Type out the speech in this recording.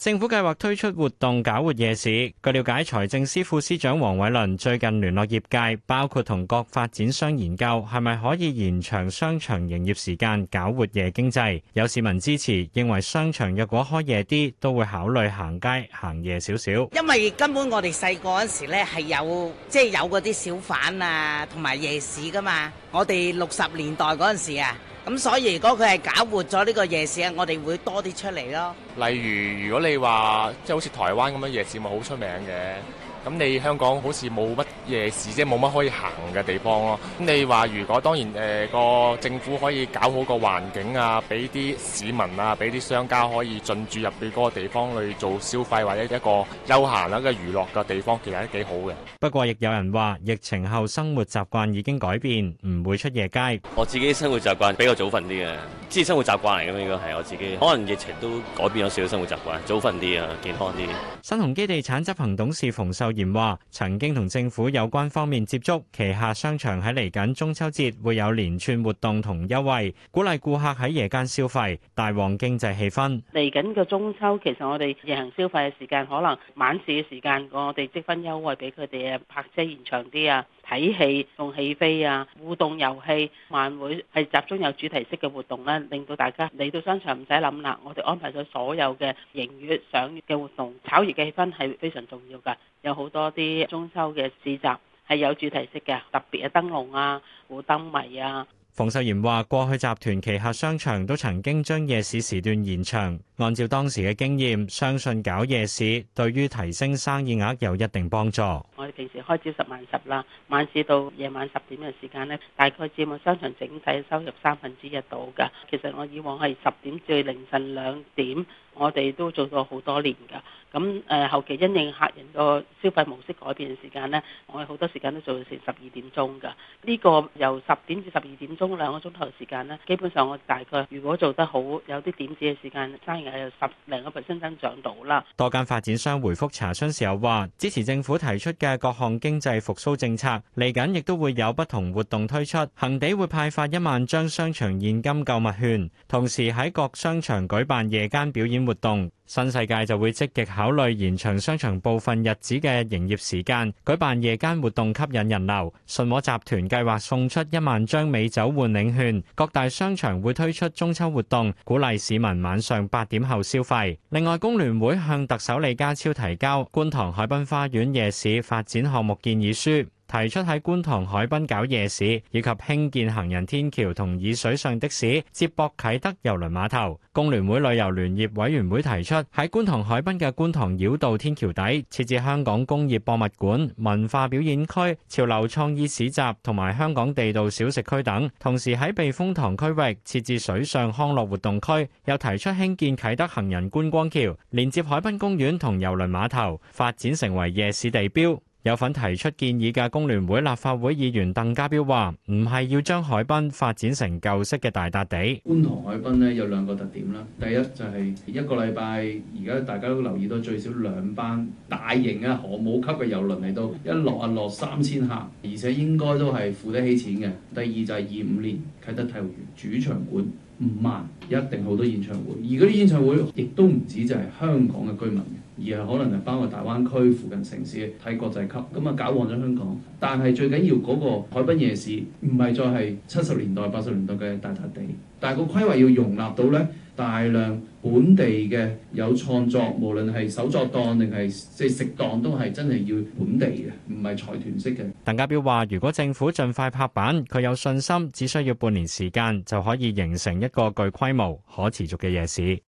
政府計劃推出活動搞活夜市。據了解，財政司副司長黃偉綸最近聯絡業界，包括同各發展商研究，係咪可以延長商場營業時間，搞活夜經濟。有市民支持，認為商場若果開夜啲，都會考慮行街行夜少少。因為根本我哋細個嗰時呢，係、即係、有即係有嗰啲小販啊，同埋夜市噶嘛。我哋六十年代嗰陣時啊。咁、嗯、所以如果佢係搞活咗呢個夜市，我哋會多啲出嚟咯。例如，如果你話即係好似台灣咁樣夜市，咪好出名嘅。咁你香港好似冇乜嘢事啫，冇乜可以行嘅地方咯。咁你話，如果當然誒個、呃、政府可以搞好個環境啊，俾啲市民啊，俾啲商家可以進駐入去嗰個地方去做消費或者一個休閒啦、嘅娛樂嘅地方，其實都幾好嘅。不過亦有人話疫情後生活習慣已經改變，唔會出夜街。我自己生活習慣比較早瞓啲嘅，即係生活習慣嚟㗎嘛，應該係我自己。可能疫情都改變咗少少生活習慣，早瞓啲啊，健康啲。新鴻基地產執行董事馮秀言話曾經同政府有關方面接觸，旗下商場喺嚟緊中秋節會有連串活動同優惠，鼓勵顧客喺夜間消費，大旺經濟氣氛。嚟緊嘅中秋，其實我哋夜行消費嘅時間可能晚市嘅時間，我哋積分優惠俾佢哋啊，泊車延長啲啊。睇戲、同起飛啊！互動遊戲、晚會係集中有主題式嘅活動咧，令到大家嚟到商場唔使諗啦。我哋安排咗所有嘅營業、賞月嘅活動，炒熱嘅氣氛係非常重要㗎。有好多啲中秋嘅市集係有主題式嘅，特別嘅燈籠啊、估燈謎啊。馮秀賢話：過去集團旗下商場都曾經將夜市時段延長，按照當時嘅經驗，相信搞夜市對於提升生意額有一定幫助。平時開朝十晚十啦，晚市到夜晚十點嘅時間咧，大概佔我商場整體收入三分之一到噶。其實我以往係十點至凌晨兩點。我哋都做到好多年㗎，咁誒後期因應客人個消費模式改變嘅時間咧，我哋好多時間都做到成十二點鐘噶。呢個由十點至十二點鐘兩個鐘頭時間咧，基本上我大概如果做得好，有啲點子嘅時間，生意係由十零個 percent 增長到啦。多間發展商回覆查詢時候話，支持政府提出嘅各項經濟復甦政策，嚟緊亦都會有不同活動推出。恆地會派發一萬張商場現金購物券，同時喺各商場舉辦夜間表演。活動新世界就會積極考慮延長商場部分日子嘅營業時間，舉辦夜間活動吸引人流。信和集團計劃送出一萬張美酒換領券，各大商場會推出中秋活動，鼓勵市民晚上八點後消費。另外，工聯會向特首李家超提交觀塘海濱花園夜市發展項目建議書。提出喺觀塘海濱搞夜市，以及興建行人天橋同以水上的士接駁啟德郵輪碼頭。工聯會旅遊聯業委員會提出喺觀塘海濱嘅觀塘繞道天橋底設置香港工業博物館、文化表演區、潮流創意市集同埋香港地道小食區等，同時喺避風塘區域設置水上康樂活動區，又提出興建啟德行人觀光橋，連接海濱公園同郵輪碼頭，發展成為夜市地標。有份提出建議嘅工聯會立法會議員鄧家彪話：唔係要將海濱發展成舊式嘅大笪地。觀塘海濱呢有兩個特點啦，第一就係一個禮拜而家大家都留意到最少兩班大型嘅航母級嘅郵輪嚟到，一落啊落三千客，而且應該都係付得起錢嘅。第二就係二五年啟德體育園主場館，唔慢，一定好多演唱會，而嗰啲演唱會亦都唔止就係香港嘅居民，而係可能係包括大灣區附近城市睇國際級，咁啊搞旺咗香港。但係最緊要嗰個海濱夜市唔係再係七十年代、八十年代嘅大笪地，但係個規劃要容納到呢。大量本地嘅，有創作，無論係手作檔定係即係食檔都係真係要本地嘅，唔係財團式嘅。鄧家彪話，如果政府盡快拍板，佢有信心，只需要半年時間就可以形成一個具規模、可持續嘅夜市。